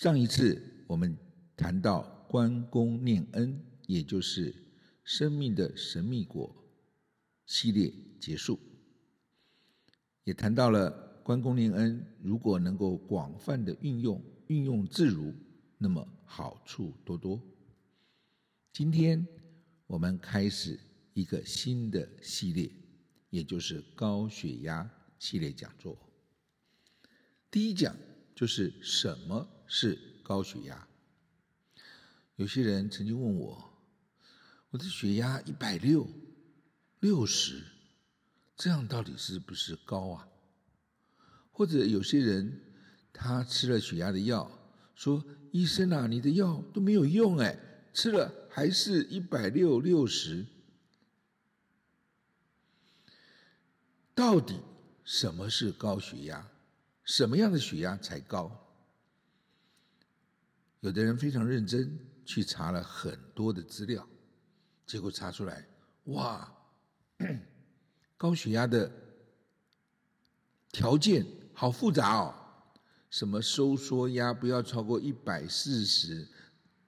上一次我們談到關公念恩，也就是生命的神秘果系列結束，也談到了關公念恩，如果能夠廣泛的運用，運用自如，那麼好處多多。今天我們開始一個新的系列，也就是高血壓系列講座。第一講就是什麼？是高血壓。有些人曾經問我：“我的血壓一百六、六十，這樣到底是不是高啊？”或者有些人他吃了血壓的藥，說：“醫生啊，你的藥都沒有用哎，吃了還是一百六、六十。”到底什麼是高血壓？什麼樣的血壓才高？有的人非常認真去查了很多的資料，結果查出來，哇，高血壓的條件好複雜哦，什麼收縮壓不要超過一百四十，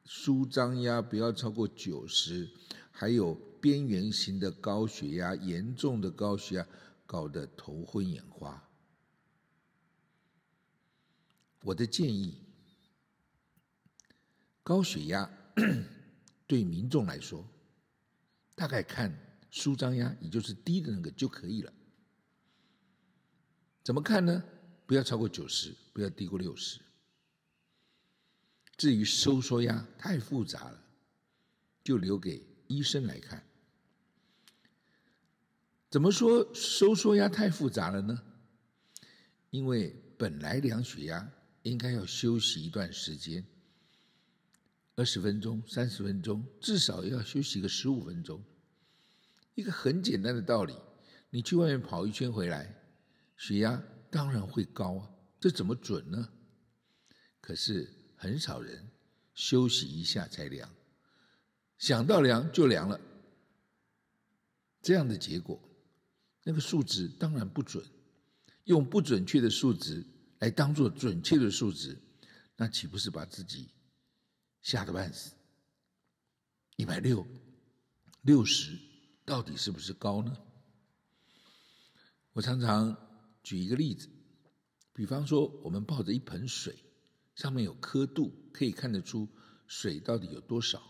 舒張壓不要超過九十，還有邊緣型的高血壓、嚴重的高血壓，搞得頭昏眼花。我的建議。高血壓對民眾來說，大概看舒張壓，也就是低的那個就可以了。怎麼看呢？不要超過九十，不要低過六十。至於收縮壓，太複雜了，就留給醫生來看。怎麼說收縮壓太複雜了呢？因為本來量血壓應該要休息一段時間。二十分鐘、三十分鐘，至少要休息個十五分鐘。一個很簡單的道理，你去外面跑一圈回來，血壓當然會高啊，這怎麼準呢？可是很少人休息一下才量，想到量就量了，這樣的結果，那個數值當然不準。用不準確的數值來當做準確的數值，那豈不是把自己？嚇得半死，一百六六十，到底是不是高呢？我常常舉一個例子，比方說，我們抱着一盆水，上面有刻度，可以看得出水到底有多少。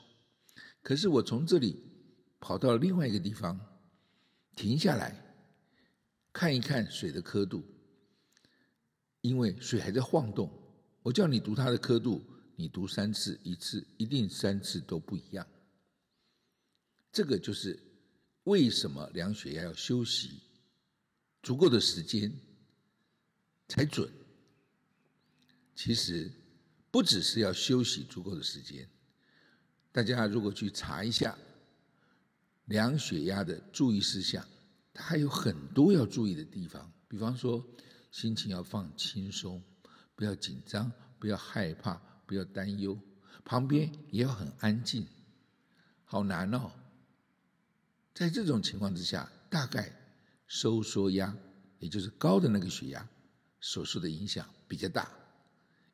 可是我從這裡跑到另外一個地方，停下來，看一看水的刻度，因為水還在晃動，我叫你讀它的刻度。你讀三次，一次，一定三次都不一樣。這個就是為什麼量血壓要休息足夠的時間才準。其實不只是要休息足夠的時間，大家如果去查一下量血壓的注意事項，它還有很多要注意的地方。比方說，心情要放輕鬆，不要緊張，不要害怕。不要擔憂，旁邊也要很安靜，好難哦。在這種情況之下，大概收縮壓，也就是高的那個血壓，所受的影響比較大。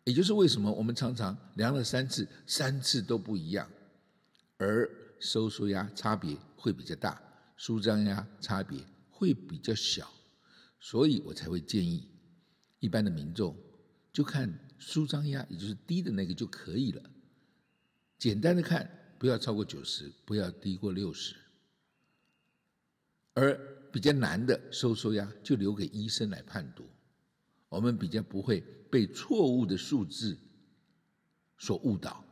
也就是為什麼我們常常量了三次，三次都不一樣，而收縮壓差別會比較大，舒張壓差別會比較小。所以我才會建議，一般的民眾就看。舒張壓，也就是低的那個就可以了。簡單的看，不要超過九十，不要低過六十。而比較難的收縮壓，就留給醫生來判讀。我們比較不會被錯誤的數字所誤導，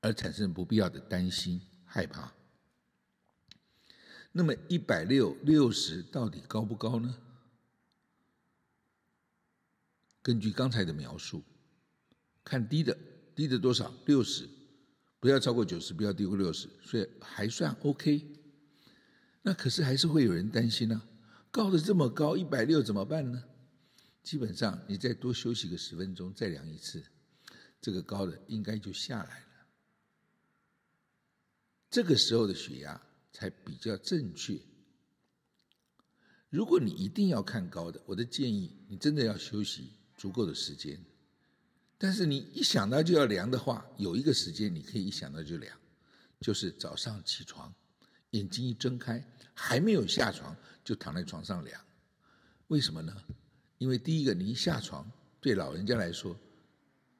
而產生不必要的擔心害怕。那麼一百六、六十到底高不高呢？根據剛才的描述，看低的低的多少六十，60，不要超過九十，不要低過六十，所以還算 OK。那可是還是會有人擔心呢、啊，高的這麼高一百六怎麼辦呢？基本上你再多休息個十分鐘，再量一次，這個高的應該就下來了。這個時候的血壓才比較正確。如果你一定要看高的，我的建議，你真的要休息。足夠的時間，但是你一想到就要量的話，有一個時間你可以一想到就量，就是早上起床，眼睛一睜開，還沒有下床就躺在床上量，為什麼呢？因為第一個，你一下床對老人家來說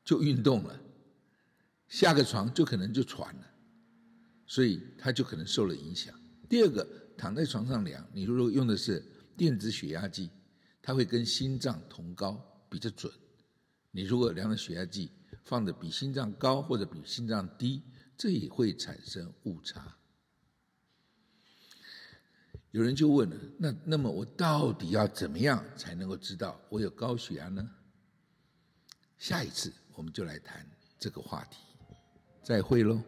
就運動了，下個床就可能就喘了，所以他就可能受了影響。第二個，躺在床上量，你如果用的是電子血壓計，它會跟心臟同高，比較準，你如果量了血壓計放的比心臟高或者比心臟低，這也會產生誤差。有人就問了：那那麼我到底要怎麼樣才能夠知道我有高血壓呢？下一次我們就來談這個話題，再會嘍。